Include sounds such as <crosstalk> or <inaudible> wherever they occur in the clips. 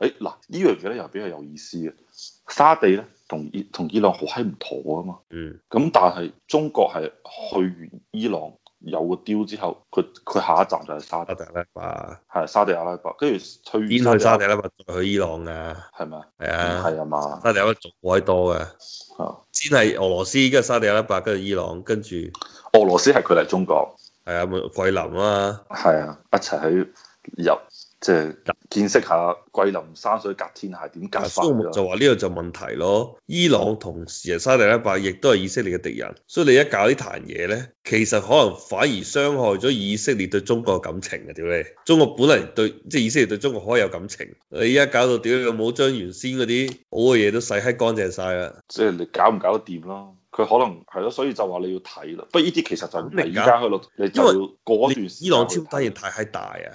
誒，嗱呢、哎、樣嘢咧又比較有意思嘅，沙地咧同伊同伊朗好閪唔妥啊嘛，嗯，咁但係中國係去完伊朗有個 deal 之後，佢佢下一站就係沙地阿拉伯，係沙地阿拉伯，跟住去沙地阿拉伯再去伊朗嗎啊，係咪啊？係啊，係啊嘛，沙地阿拉伯仲鬼多嘅，先係俄羅斯，跟住沙地阿拉伯，跟住伊朗，跟住俄羅斯係佢嚟中國，係啊，桂林啊嘛，係啊，一齊去入即係。嗯嗯嗯見識下桂林山水甲天下隔，點解？就話呢個就問題咯。伊朗同時人沙地阿拉伯亦都係以色列嘅敵人，所以你一搞呢壇嘢呢，其實可能反而傷害咗以色列對中國嘅感情啊！屌你，中國本嚟對即係以色列對中國可以有感情，你依家搞到屌有冇將原先嗰啲好嘅嘢都洗黑乾淨晒啦，即係你搞唔搞得掂咯？佢可能係咯，所以就話你要睇咯。不過呢啲其實就係而家去到，因為 你因要過一段時間，伊朗超低然太閪大啊！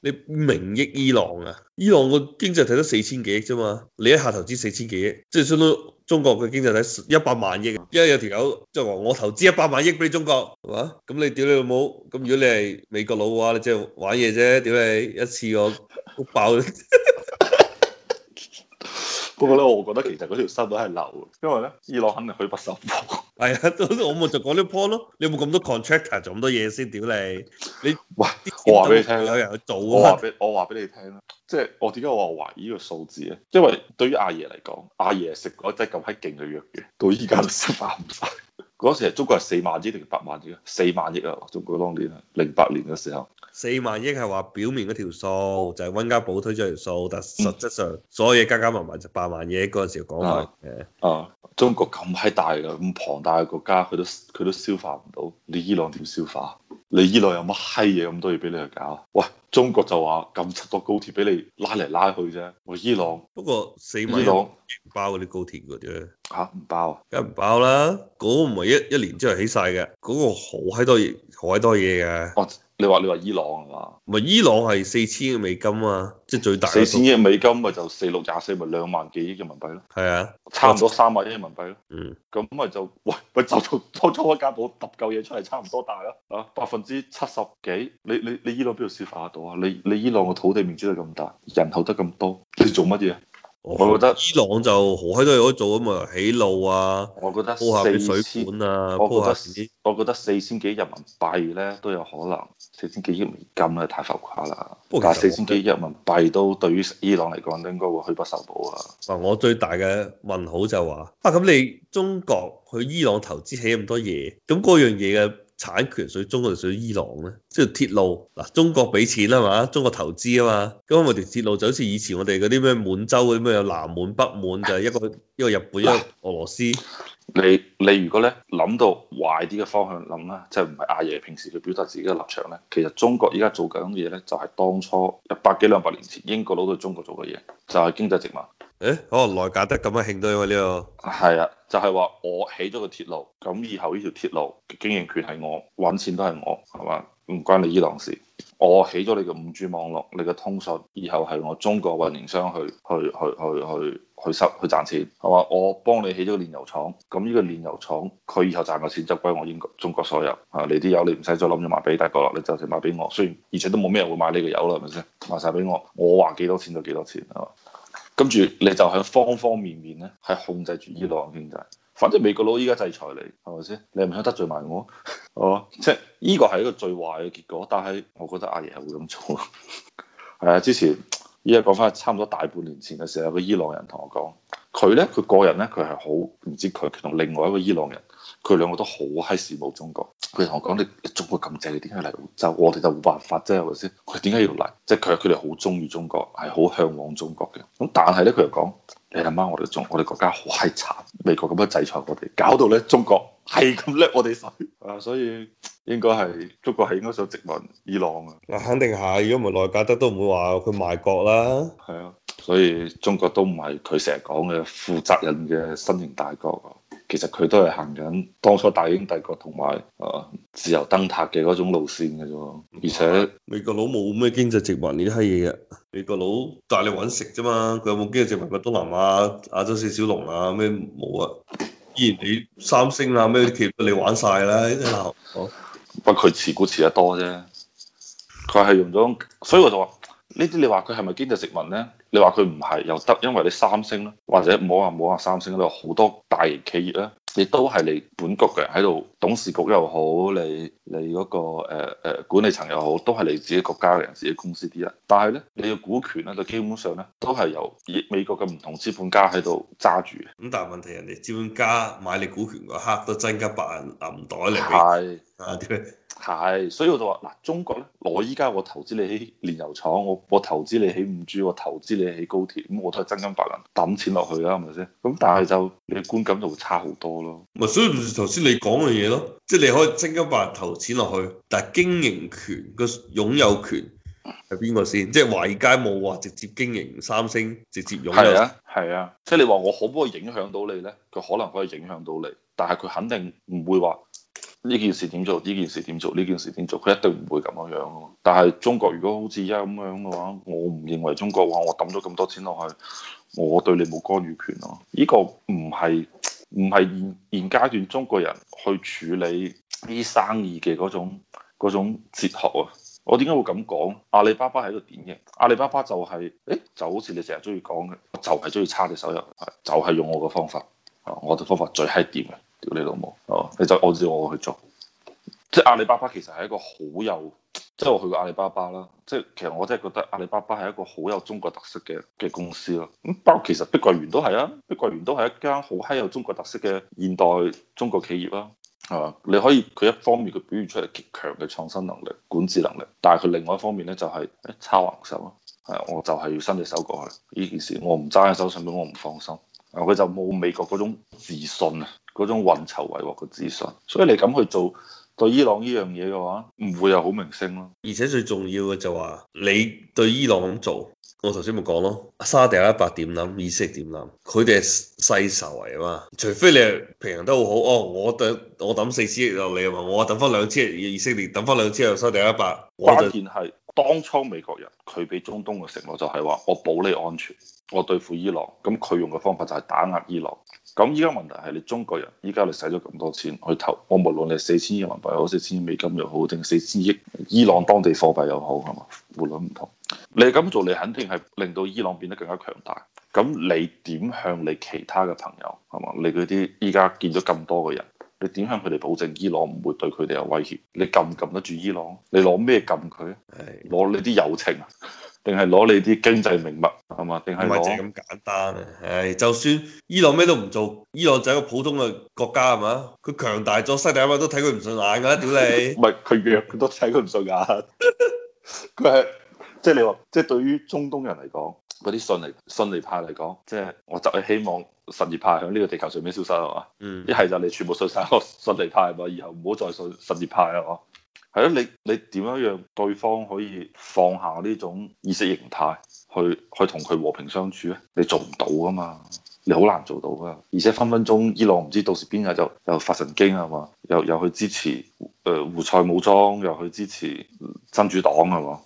你名益伊朗啊，伊朗個經濟體得四千幾億啫嘛，你一下投資四千幾億，即係相當中國嘅經濟體一百萬億。因為有條友即係話我投資一百萬億俾中國，係嘛？咁你屌你老母！咁如果你係美國佬嘅話，你即係玩嘢啫，屌你一次我谷爆。 <laughs> 不過咧，我覺得其實嗰條新聞係流，因為咧伊朗肯定去不十樖。係啊、 <laughs> <laughs> 哎，我咪就講呢波咯。你有冇咁多 contractor 做咁多嘢先，屌你。你喂，我話俾你聽，有人去做啊。我話俾我話俾你聽啦，即係我點解我懷疑呢個數字咧？因為對於阿爺嚟講，阿爺食嗰隻咁閪勁嘅藥嘅，到依家都消化唔曬。 <laughs> 嗰時係中國係四萬億定八萬億？四萬億啊！中國當年零八年嘅時候，四萬億係話表面嗰條數就係、是、温家寶推出條數，但實際上所有嘢加加埋埋就八萬億。嗰、那、陣、個、時講話嘅，啊、嗯嗯，中國咁閪大嘅，咁龐大嘅國家，佢都佢都消化唔到，你伊朗點消化？你伊朗有乜閪嘢咁多嘢俾你去搞？喂，中國就話咁多高鐵俾你拉嚟拉去啫。喂，伊朗，伊朗不過四米伊朗包嗰啲高鐵嘅啫。吓，唔包啊？梗係唔包，包啦，嗰、那個唔係一一年之內起晒嘅，嗰、那個好閪多嘢，好閪多嘢嘅。啊你話你話伊朗係嘛？唔係伊朗係四千億美金 4, 6, 24, 億啊，即係最大。四千億美金咪就四六廿四咪兩萬幾億嘅人民幣咯。係啊、嗯，差唔多三萬億人民幣咯。嗯。咁咪就喂，咪就從初一間島揼夠嘢出嚟，差唔多大咯。啊，百分之七十幾，你你你，你伊朗邊度消化得到啊？你你伊朗個土地面積咁大，人口得咁多，你做乜嘢？我覺得、哦、伊朗就何開都有得做咁啊，起路啊，我覺得鋪下啲水管啊，鋪下啲我覺得四千幾人民幣咧都有可能，四千幾億美金咧太浮誇啦，但係四千幾億人民幣都對於伊朗嚟講都應該會去不受保啊。嗱，我最大嘅問號就話，啊咁你中國去伊朗投資起咁多嘢，咁、那、嗰、個、樣嘢嘅。產權屬於中國，就屬於伊朗咧？即係鐵路，嗱，中國俾錢啊嘛，中國投資啊嘛。咁我哋鐵路就好似以前我哋嗰啲咩滿洲嗰啲咩，有南滿、北滿，就係一個、啊、一個日本、一個俄羅斯。你你如果咧諗到壞啲嘅方向諗咧，即係唔係阿爺平時佢表達自己嘅立場咧？其實中國依家做緊嘅嘢咧，就係當初一百幾兩百年前英國攞到中國做嘅嘢，就係經濟殖民。誒，可能內賈德咁嘅興都呢、啊這個係啊，就係、是、話我起咗個鐵路，咁以後呢條鐵路經營權係我，搵錢都係我，係嘛，唔關你伊朗事。我起咗你嘅五 G 網絡，你嘅通訊以後係我中國運營商去去去去去去收去賺錢，係嘛？我幫你起咗個煉油廠，咁呢個煉油廠佢以後賺嘅錢就歸我英國中國所有啊！你啲油你唔使再諗住賣俾大國啦，你就直賣俾我，雖然而且都冇咩人會買呢個油啦，係咪先？賣晒俾我，我話幾多錢就幾多錢啊！跟住你就向方方面面咧，係控制住伊朗經濟。反正美國佬依家制裁你，係咪先？你係唔想得罪埋我？哦，即係呢個係一個最壞嘅結果。但係我覺得阿爺係會咁做。係啊，之前依家講翻差唔多大半年前嘅時候，有個伊朗人同我講，佢咧佢個人咧佢係好唔知佢同另外一個伊朗人。佢兩個都好閪羨慕中國，佢同我講：你中國咁正，你點解嚟就我哋就冇辦法啫？係咪先？佢點解要嚟？即係佢佢哋好中意中國，係好向往中國嘅。咁但係咧，佢又講：你阿媽，我哋中國我哋國家好閪慘，美國咁樣制裁我哋，搞到咧中國係咁叻我哋衰。啊，所以應該係中國係應該想殖民伊朗啊！肯定係，如果唔係內賈德都唔會話佢賣國啦。係啊，所以中國都唔係佢成日講嘅負責任嘅新型大國。其實佢都係行緊當初大英帝國同埋啊自由燈塔嘅嗰種路線嘅啫，而且美國佬冇咩經濟殖民呢啲閪嘢嘅，美國佬帶你揾食啫嘛，佢有冇經濟殖民亞東南亞、亞洲四小龍啊咩？冇啊，依然你三星啊咩，全部你玩晒啦，好，不過佢持股持得多啫，佢係用咗，所以我就話。呢啲你話佢係咪經濟殖民呢？你話佢唔係又得，因為你三星啦，或者唔好話唔好話三星都有好多大型企業咧，你都係你本局嘅人喺度，董事局又好，你你嗰、那個誒誒、呃呃、管理層又好，都係你自己國家嘅人，自己公司啲人。但係呢，你嘅股權咧，就基本上呢都係由美美國嘅唔同資本家喺度揸住。咁但係問題，人哋資本家買你股權嗰刻都增加百銀袋嚟。係、啊，所以我就話嗱，中國咧，我依家我投資你起煉油廠，我我投資你起五 G，我投資你起高鐵，咁我都係真金白銀抌錢落去啦，係咪先？咁但係就你嘅觀感就會差好多咯。咪所以唔頭先你講嘅嘢咯，即係你可以真金白銀投錢落去，但係經營權個擁有權係邊個先？即係華爾街冇話直接經營三星，直接擁有。係啊，係啊。即係你話我可唔可以影響到你咧？佢可能可以影響到你，但係佢肯定唔會話。呢件事點做？呢件事點做？呢件事點做？佢一定唔會咁樣樣咯。但係中國如果好似而家咁樣嘅話，我唔認為中國話我抌咗咁多錢落去，我對你冇干預權咯、啊。呢、這個唔係唔係現現階段中國人去處理呢生意嘅嗰種種哲學啊。我點解會咁講？阿里巴巴係一個典型，阿里巴巴就係、是、誒，就好似你成日中意講嘅，就係中意差你手入，就係、是、用我嘅方法，我嘅方法最 hi 點嘅。屌你老母！哦，你就按照我去做，即係阿里巴巴其實係一個好有，即係我去過阿里巴巴啦，即係其實我真係覺得阿里巴巴係一個好有中國特色嘅嘅公司咯。咁包括其實碧桂園都係啊，碧桂園都係一間好稀有中國特色嘅現代中國企業啦，係嘛？你可以佢一方面佢表現出嚟極強嘅創新能力、管治能力，但係佢另外一方面咧就係誒抄人手咯，係啊，我就係要伸隻手過去呢件事我，我唔揸喺手上邊我唔放心。啊，佢就冇美國嗰種自信啊。嗰種運籌帷幄嘅資訊，所以你咁去做對伊朗呢樣嘢嘅話，唔會有好名聲咯。而且最重要嘅就話，你對伊朗咁做，我頭先咪講咯，沙地阿拉伯點諗，以色列點諗，佢哋世仇嚟嘛。除非你係平衡得好好，哦，我抌我抌四千億落嚟啊嘛，我抌翻兩千億，以色列抌翻兩千億又沙地阿拉伯。關鍵係當初美國人佢俾中東嘅承諾就係話，我保你安全，我對付伊朗，咁佢用嘅方法就係打壓伊朗。咁依家問題係你中國人，依家你使咗咁多錢去投，我無論你四千億人民幣又好，四千億美金又好，定四千億伊朗當地貨幣又好，係嘛？匯率唔同，你咁做你肯定係令到伊朗變得更加強大。咁你點向你其他嘅朋友係嘛？你嗰啲依家見咗咁多個人，你點向佢哋保證伊朗唔會對佢哋有威脅？你撳唔撳得住伊朗？你攞咩撳佢啊？攞呢啲友情啊？定係攞你啲經濟命脈係嘛？定係就係咁簡單啊！誒，就算伊朗咩都唔做，伊朗就係一個普通嘅國家係嘛？佢強大咗，西地亞嘛都睇佢唔順眼㗎，屌你！唔係佢弱，佢都睇佢唔順眼。佢係即係你話，即係對於中東人嚟講，嗰啲遜尼遜尼派嚟講，即係我就係希望什葉派喺呢個地球上邊消失咯啊！嗯，一係就你全部信曬個什葉派喎，以後唔好再信什葉派啦呵。係咯，你你點樣讓對方可以放下呢種意識形態，去去同佢和平相處咧？你做唔到噶嘛，你好難做到噶而且分分鐘伊朗唔知到時邊日就又發神經啊嘛，又又去支持誒胡塞武裝，又去支持真主黨啊！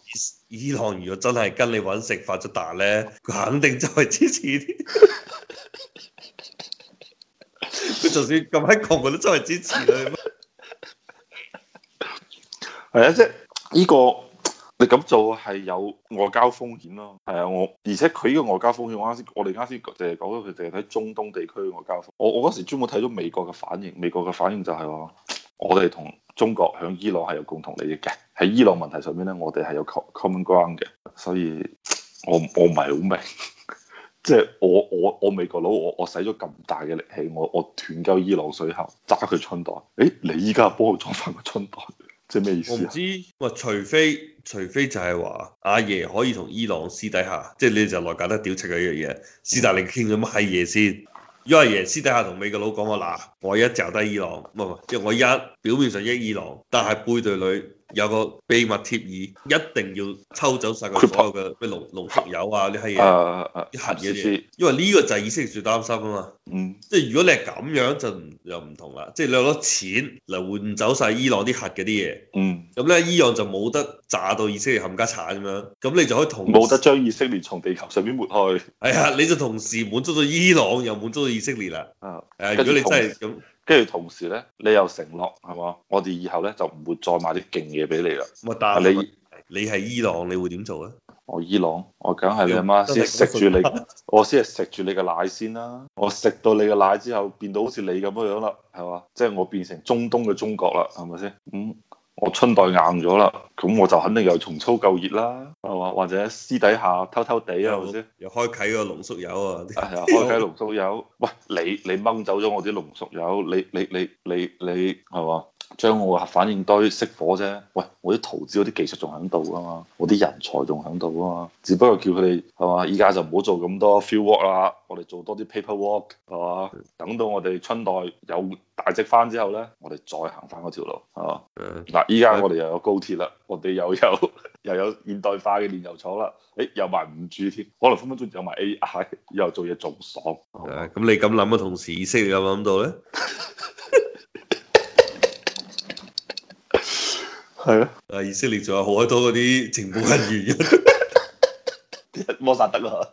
伊朗如果真係跟你搵食，法塔勒咧，佢肯定就係支持啲。佢就算咁閪窮，佢都真係支持你。係啊，即係呢個你咁做係有外交風險咯。係啊，我而且佢呢個外交風險，我啱先我哋啱先淨係講咗，佢淨係睇中東地區嘅外交風險。我我嗰時專門睇咗美國嘅反應，美國嘅反應就係話我哋同中國響伊朗係有共同利益嘅，喺伊朗問題上面咧，我哋係有 common ground 嘅。所以我我唔係好明，即 <laughs> 係我我我美國佬，我我使咗咁大嘅力氣，我我斷鳩伊朗水喉，揸佢春袋，誒，你依家幫佢裝翻個春袋。啊、我唔知，話除非除非就係話阿爺可以同伊朗私底下，即係你就嚟搞得屌柒嘅一樣嘢，是但你傾咗乜閪嘢先？因為阿爺私底下同美國佬講話嗱，我一罩低伊朗，唔係唔係，即係我一表面上益伊朗，但係背地裏。有個秘密協議，一定要抽走晒個所有嘅咩濃濃縮鈾啊呢閪嘢，啲核嘅。斯斯因為呢個就係以色列最擔心啊嘛。嗯。即係如果你係咁樣就又唔同啦，即係你攞錢嚟換走晒伊朗啲核嘅啲嘢。嗯。咁咧，伊朗就冇得炸到以色列冚家剷咁樣，咁你就可以同冇得將以色列從地球上邊抹去。係啊，你就同時滿足咗伊朗又滿足咗以色列啦。啊。係啊，如果你真係咁。跟住同時咧，你又承諾係嘛？我哋以後咧就唔會再買啲勁嘢俾你啦。但係你你係伊朗，你會點做咧？我伊朗，我梗係你阿媽先食住你， <laughs> 我先係食住你個奶先啦、啊。我食到你個奶之後變，變到好似你咁樣啦，係嘛？即係我變成中東嘅中國啦，係咪先？嗯。我春袋硬咗啦，咁我就肯定又重操舊業啦，係嘛？或者私底下偷偷哋啊，係咪先？又開啓個龍叔友啊！又的 <laughs> 開啓龍叔友。喂，你你掹走咗我啲龍叔友，你你你你你係嘛？將我個核反應堆熄火啫。喂，我啲投資嗰啲技術仲喺度噶嘛，我啲人才仲喺度啊嘛。只不過叫佢哋係嘛，依家就唔好做咁多 field work 啦。我哋做多啲 paper work 係嘛。等到我哋春代有大隻翻之後咧，我哋再行翻嗰條路係嘛。嗱，依家的我哋又有高鐵啦，我哋又有 <laughs> 又有現代化嘅煉油廠啦。誒，有埋 5G 添，可能分分鐘又有埋 AI，以後做嘢仲爽。咁你咁諗嘅同時意識，你有冇諗到咧？係咯，啊！以色列仲有好多嗰啲情報人員 <laughs> 德，摩薩德啊，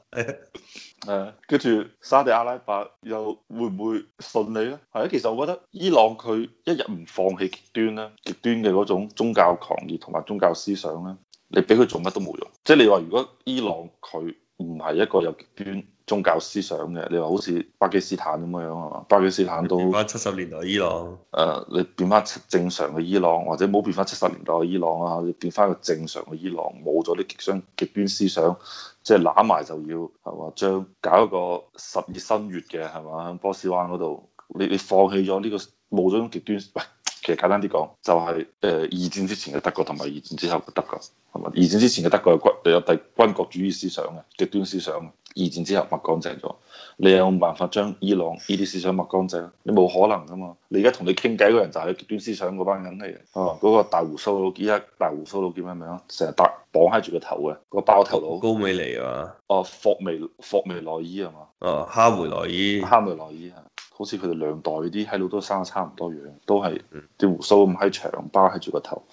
誒、啊，跟住沙特阿拉伯又會唔會信你咧？係啊，其實我覺得伊朗佢一日唔放棄極端咧，極端嘅嗰種宗教狂熱同埋宗教思想咧，你俾佢做乜都冇用。即係你話如果伊朗佢。唔係一個有極端宗教思想嘅，你話好似巴基斯坦咁樣啊嘛？巴基斯坦都變翻七十年代伊朗，誒，uh, 你變翻正常嘅伊朗，或者冇變翻七十年代嘅伊朗啊，你變翻一個正常嘅伊朗，冇咗啲極端極端思想，即係攬埋就要係嘛，將搞一個十二新月嘅係嘛，喺波斯灣嗰度，你你放棄咗呢個，冇咗種極端喂。其實簡單啲講，就係、是、誒二戰之前嘅德國同埋二戰之後嘅德國，係嘛？二戰之前嘅德國係軍有第軍國主義思想嘅極端思想，二戰之後抹乾淨咗。你有冇辦法將伊朗呢啲思想抹乾淨？你冇可能噶嘛？你而家同你傾偈嗰個人就係極端思想嗰班人嚟哦，嗰、嗯、個大胡鬚佬叫家大胡鬚佬叫咩名啊？成日戴綁喺住個頭嘅，那個包頭佬。高美尼啊嘛。哦、啊，霍梅霍梅內伊係嘛？哦，哈梅內伊。哈梅內伊係。好似佢哋兩代啲喺度都生得差唔多樣，都係啲鬍鬚咁喺長，包喺住個頭，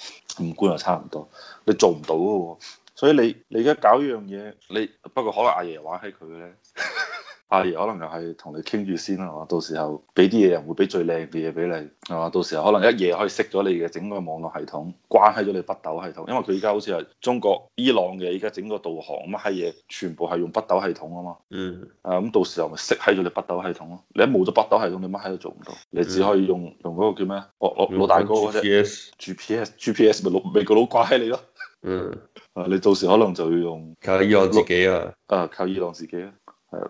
五官又差唔多，你做唔到嘅喎。所以你你而家搞呢樣嘢，你，你不過可能阿爺玩起佢嘅咧。 <laughs> 阿可能又係同你傾住先啦，我到時候俾啲嘢，人會俾最靚嘅嘢俾你，係嘛？到時候可能一夜可以熄咗你嘅整個網絡系統，關喺咗你北斗系統，因為佢而家好似係中國伊朗嘅，依家整個導航乜閪嘢全部係用北斗系統啊嘛。嗯。啊，咁到時候咪熄喺咗你北斗系統咯，你一冇咗北斗系統，你乜閪都做唔到，你只可以用、嗯、用嗰個叫咩？我、哦、我老，老大哥嗰隻。G P S G P S 咪老咪個老怪你咯。嗯。啊，你到時可能就要用靠伊朗自己啊。啊，靠伊朗自己啊。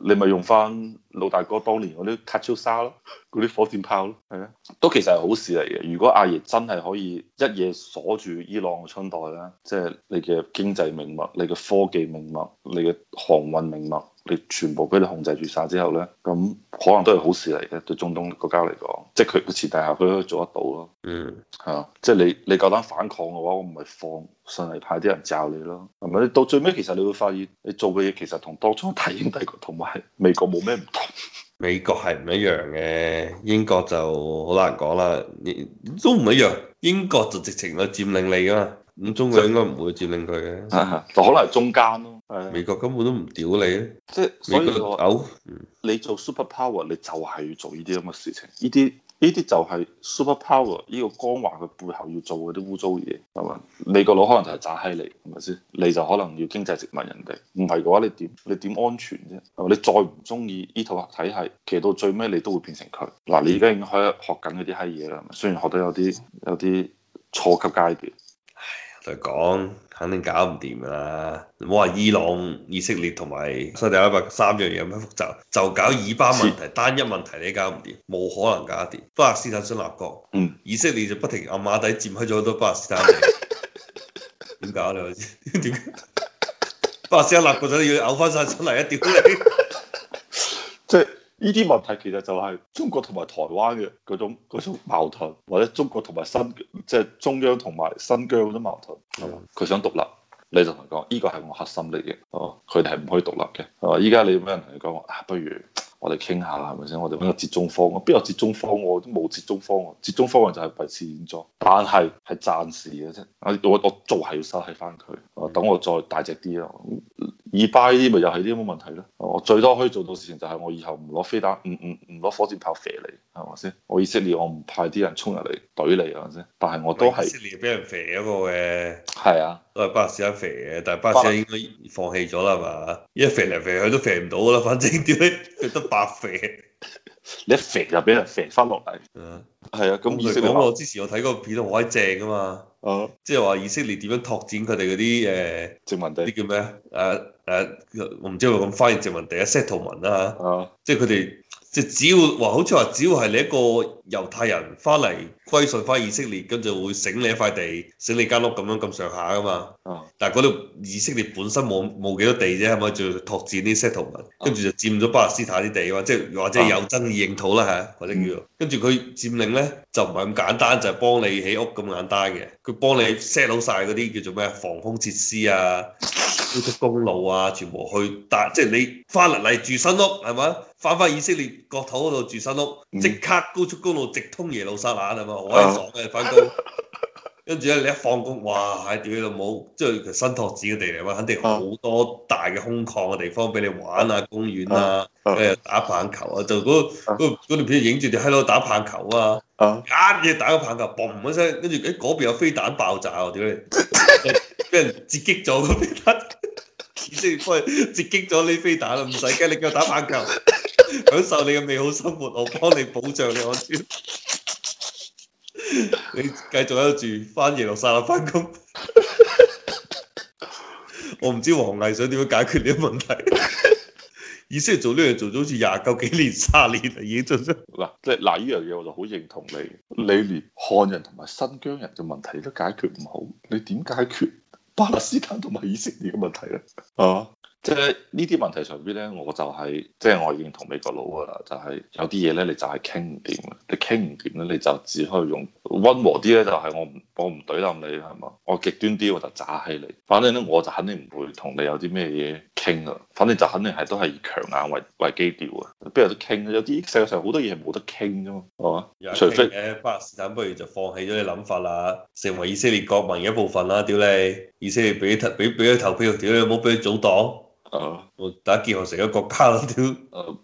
你咪用翻老大哥當年嗰啲卡超沙咯，嗰啲火箭炮咯，係啊，都其實係好事嚟嘅。如果阿爺真係可以一夜鎖住伊朗嘅春代咧，即係你嘅經濟命脈、你嘅科技命脈、你嘅航運命脈。全部俾你控制住晒之後呢，咁可能都係好事嚟嘅，對中東國家嚟講，即係佢個前提下，佢都可以做得到咯。嗯，係啊，即係你你夠膽反抗嘅話，我唔係放上嚟派啲人罩你咯，係咪？到最尾其實你會發現，你做嘅嘢其實同當初大英帝國同埋美國冇咩唔同。 <laughs> 美國係唔一樣嘅，英國就好難講啦，都唔一樣。英國就直情去佔領你㗎嘛，咁中國應該唔會佔領佢嘅，就，嗯、就可能係中間咯。美國根本都唔屌你，即係、就是、所以嘔，嗯、你做 super power 你就係要做呢啲咁嘅事情，呢啲。呢啲就係 super power，呢個光環嘅背後要做嗰啲污糟嘢，係嘛？你個腦可能就係炸閪你，係咪先？你就可能要經濟殖民人哋，唔係嘅話你點？你點安全啫？你再唔中意呢套體系，其實到最尾你都會變成佢。嗱、啊，你而家已經喺學緊嗰啲閪嘢啦，雖然學得有啲有啲初級階段。嚟講。肯定搞唔掂㗎啦！唔好話伊朗、以色列同埋沙特阿拉伯三樣嘢咁樣複雜，就搞以巴問題是單一問題你搞唔掂，冇可能搞得掂。巴勒斯坦新立國，嗯，以色列就不停暗馬底佔開咗好多巴勒斯坦地，點 <laughs> 搞你話知？點巴勒斯坦立國仔要嘔翻晒身嚟一屌你，即係。呢啲問題其實就係中國同埋台灣嘅嗰種矛盾，或者中國同埋新即係中央同埋新疆嗰啲矛盾，係嘛？佢想獨立，你就同佢講，呢個係我核心嚟嘅，哦，佢哋係唔可以獨立嘅，係嘛？依家你點樣同佢講？啊，不如。我哋傾下係咪先？我哋揾個折中方案，邊有折中方案？我都冇折中方案喎，折中方案就係維持現狀，但係係暫時嘅啫。我我我做係要收起翻佢，等我再大隻啲咯。以巴呢啲咪又係啲有冇問題咧？我最多可以做到事情就係我以後唔攞飛彈，唔唔唔攞火箭炮射你，係咪先？我以色列我唔派啲人衝入嚟懟你係咪先？但係我都係以色列俾人射一個嘅，係啊。都係巴士一肥嘅，但係巴士拉應該放棄咗啦嘛，因為肥嚟肥去都肥唔到啦，反正點解佢得白肥， <laughs> 你一肥就俾人肥翻落嚟。嗯，係啊，咁佢、啊、以色列我之前我睇嗰個片好鬼正㗎嘛，即係話以色列點樣拓展佢哋嗰啲誒殖民地，啲叫咩啊？誒、uh, uh, 我唔知佢咁翻譯殖民地啊、uh,settlement 啦、uh, 嚇、uh，即係佢哋。就只要話，好似話只要係你一個猶太人翻嚟歸順翻以色列，跟住會整你一塊地，整你間屋咁樣咁上下噶嘛。但係嗰度以色列本身冇冇幾多地啫，係咪？就拓展啲 settlement，跟住就佔咗巴勒斯坦啲地啊嘛。即係話即有爭議認土啦，係或者叫做，跟住佢佔領咧就唔係咁簡單，就係、是、幫你起屋咁簡單嘅。佢幫你 set 好晒嗰啲叫做咩防空設施啊、高速公路啊，全部去，但即係你翻嚟住新屋係嘛？翻翻以色列嗰頭嗰度住新屋，即刻高速公路直通耶路撒冷啊嘛，好爽嘅翻工。跟住咧，你一放工，哇！屌你老母，即係新托子嘅地嚟嘛，肯定好多大嘅空曠嘅地方俾你玩啊，公園啊，跟住打棒球啊，就嗰嗰嗰條片影住啲喺度打棒球啊，硬嘢，打個棒球，嘣一聲，跟住喺嗰邊有飛彈爆炸，我屌你，俾人截擊咗咁， <laughs> 以色列翻嚟截擊咗呢飛彈啦，唔使驚，你繼續打棒球。享受你嘅美好生活，我幫你保障你我知 <laughs> 你繼續喺度住翻耶路撒冷翻工， <laughs> 我唔知王毅想點樣解決呢個問題。以色列做呢樣做咗好似廿九幾年三十年嚟嘢啫。嗱，即係嗱呢樣嘢我就好認同你。你連漢人同埋新疆人嘅問題都解決唔好，你點解決巴勒斯坦同埋以色列嘅問題咧？啊！ <laughs> 即呢啲問題上邊咧，我就係即係我已經同美國佬㗎啦。就係有啲嘢咧，你就係傾唔掂啦。你傾唔掂咧，你就只可以用溫和啲咧，就係我唔我唔懟冧你係嘛。我極端啲我就炸起你。反正咧，我就肯定唔會同你有啲咩嘢傾啦。反正就肯定係都係以強硬為為基調啊。邊有得傾咧？有啲世界上好多嘢冇得傾㗎嘛。哦，除非啲巴勒斯坦不如就放棄咗你諗法啦，成為以色列國民嘅一部分啦，屌你！以色列俾俾俾佢投票，屌你冇俾佢組黨。啊！我第一見我成個國家咯，屌！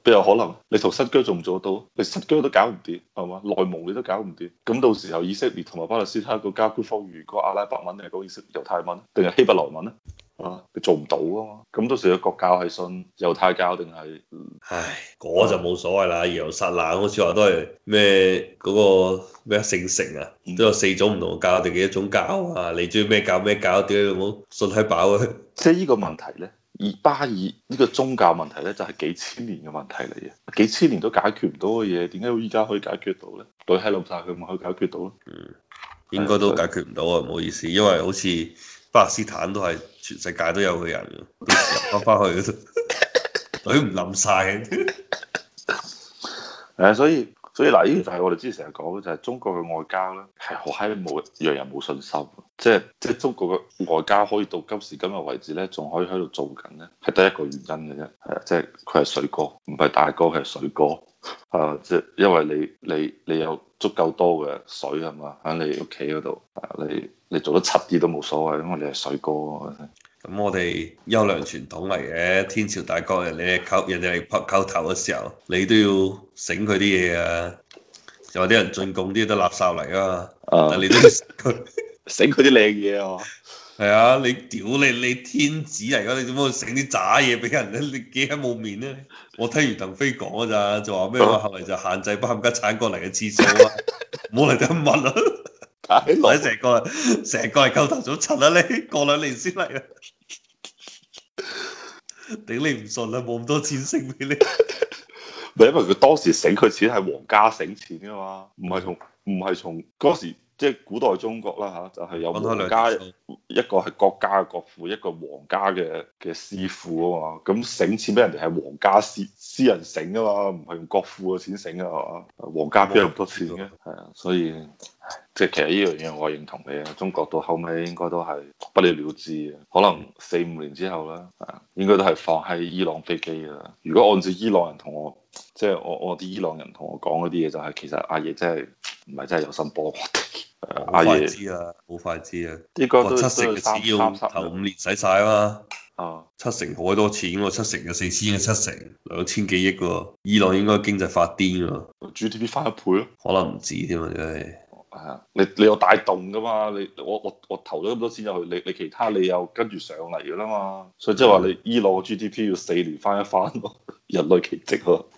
邊有可能？你同新疆做唔做到？你新疆都搞唔掂，係嘛？內蒙你都搞唔掂。咁到時候以色列同埋巴勒斯坦個交古方語，個阿拉伯文定係講以色列猶太文，定係希伯來文咧？Uh, 啊，你做唔到啊嘛？咁到時候國教係信猶太教定係？嗯、唉，嗰就冇所謂啦。耶路撒冷好似話都係咩嗰個咩聖城啊，都有四種唔同嘅教，定幾多種教啊？你中意咩教咩教，屌你老母信閪飽啊！即係呢個問題咧？而巴以呢個宗教問題咧，就係幾千年嘅問題嚟嘅，幾千年都解決唔到嘅嘢，點解到依家可以解決到咧？嘴閪冧晒佢咪可以解決到咯？嗯，應該都解決唔到啊！唔是好意思，因為好似巴勒斯坦都係全世界都有嘅人嘅，翻去都唔冧曬。誒，所以。所以嗱，依個就係我哋之前成日講嘅，就係中國嘅外交咧，係好喺冇讓人冇信心。即係即係中國嘅外交可以到今時今日為止咧，仲可以喺度做緊咧，係得一個原因嘅啫。係啊，即係佢係水哥，唔係大哥，係水哥。啊，即係因為你你你有足夠多嘅水啊嘛，喺你屋企嗰度，你你做得七啲都冇所謂，因為你係水哥啊。咁我哋優良傳統嚟嘅，天朝大國，人哋叩人哋係叩叩頭嘅時候，你都要醒佢啲嘢啊！有啲人進貢啲都垃圾嚟啊，你都要醒佢啲靚嘢啊嘛！係啊， <laughs> 啊、你屌你你天子嚟噶，你點樣醒啲渣嘢俾人咧？你幾閪冇面咧？我聽完鄧飛講咋，就話咩話後嚟就限制不冚家鏟過嚟嘅次數啊，冇嚟得問啊。睇成個成個係舊頭早陳啊你！過兩 <laughs> 你過兩年先嚟啊，頂你唔順啦，冇咁多錢剩俾你。係 <laughs> 因為佢當時醒佢錢係皇家醒錢噶嘛，唔係從唔係從嗰時即係古代中國啦、啊、吓，就係、是、有皇家一個係國家嘅國庫，一個皇家嘅嘅私庫啊嘛。咁醒錢俾人哋係皇家私私人醒啊嘛，唔係用國庫嘅錢醒啊嘛。皇家邊有咁多錢嘅、啊？係啊，所以。即係其實呢樣嘢我認同你啊，中國到後尾應該都係不了了之啊，可能四五年之後啦，啊，應該都係放喺伊朗飛機啦。如果按照伊朗人同我，即係我我啲伊朗人同我講嗰啲嘢，就係其實阿爺真係唔係真係有心幫我哋，阿爺知啊，好快知啊，呢個、哦、七成，係三三十。頭五年使晒啊嘛，啊，啊，七成好多錢喎，七成嘅四千七成，兩千幾億喎，伊朗應該經濟發癲啊，GDP 翻一倍咯、啊，嗯、可能唔止添啊，唉。係啊，你你有帶動噶嘛？你我我我投咗咁多錢入去，你你其他你又跟住上嚟噶啦嘛，所以即係話，你伊朗嘅 GDP 要四年翻一翻咯， <laughs> 人類奇跡咯。